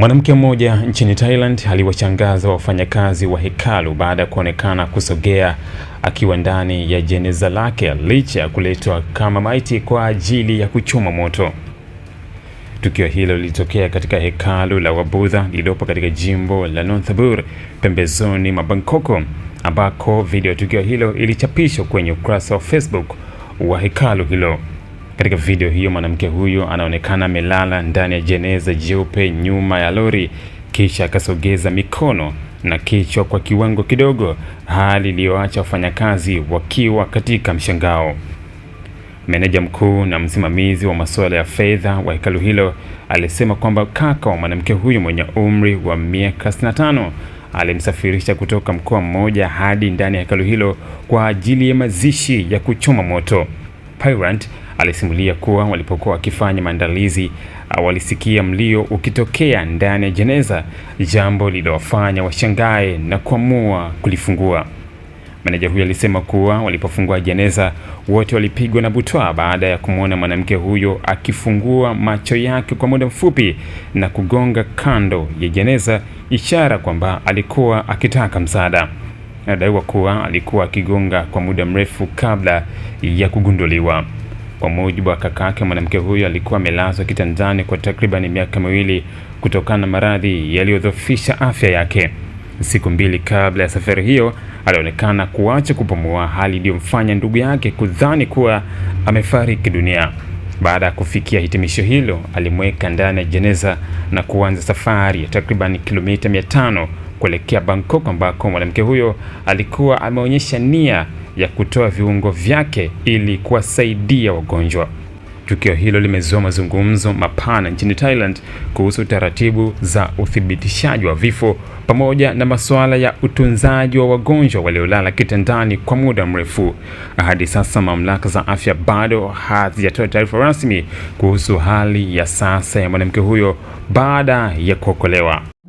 Mwanamke mmoja nchini Thailand aliwashangaza wafanyakazi wa hekalu baada ya kuonekana kusogea akiwa ndani ya jeneza lake licha ya kuletwa kama maiti kwa ajili ya kuchoma moto. Tukio hilo lilitokea katika hekalu la Wabudha lililopo katika jimbo la Nonthaburi pembezoni mwa Bangkok, ambako video ya tukio hilo ilichapishwa kwenye ukurasa wa Facebook wa hekalu hilo. Katika video hiyo, mwanamke huyu anaonekana amelala ndani ya jeneza jeupe nyuma ya lori, kisha akasogeza mikono na kichwa kwa kiwango kidogo, hali iliyoacha wafanyakazi wakiwa katika mshangao. Meneja mkuu na msimamizi wa masuala ya fedha wa hekalu hilo alisema kwamba kaka wa mwanamke huyu mwenye umri wa miaka 65 alimsafirisha kutoka mkoa mmoja hadi ndani ya hekalu hilo kwa ajili ya mazishi ya kuchoma moto. Pirant alisimulia kuwa walipokuwa wakifanya maandalizi uh, walisikia mlio ukitokea ndani ya jeneza, jambo lilowafanya washangae na kuamua kulifungua. Meneja huyo alisema kuwa walipofungua jeneza wote walipigwa na butwa baada ya kumwona mwanamke huyo akifungua macho yake kwa muda mfupi na kugonga kando ya jeneza, ishara kwamba alikuwa akitaka msaada. Anadaiwa kuwa alikuwa akigonga kwa muda mrefu kabla ya kugunduliwa. Kwa mujibu wa kakake, mwanamke huyo alikuwa amelazwa kitandani kwa takribani miaka miwili kutokana na maradhi yaliyodhoofisha afya yake. Siku mbili kabla ya safari hiyo, alionekana kuacha kupumua, hali iliyomfanya ndugu yake kudhani kuwa amefariki dunia. Baada ya kufikia hitimisho hilo, alimweka ndani ya jeneza na kuanza safari ya takriban kilomita 500 kuelekea Bangkok ambako mwanamke huyo alikuwa ameonyesha nia ya kutoa viungo vyake ili kuwasaidia wagonjwa. Tukio hilo limezua mazungumzo mapana nchini Thailand kuhusu taratibu za uthibitishaji wa vifo pamoja na masuala ya utunzaji wa wagonjwa waliolala kitandani kwa muda mrefu. Hadi sasa mamlaka za afya bado hazijatoa taarifa rasmi kuhusu hali ya sasa ya mwanamke huyo baada ya kuokolewa.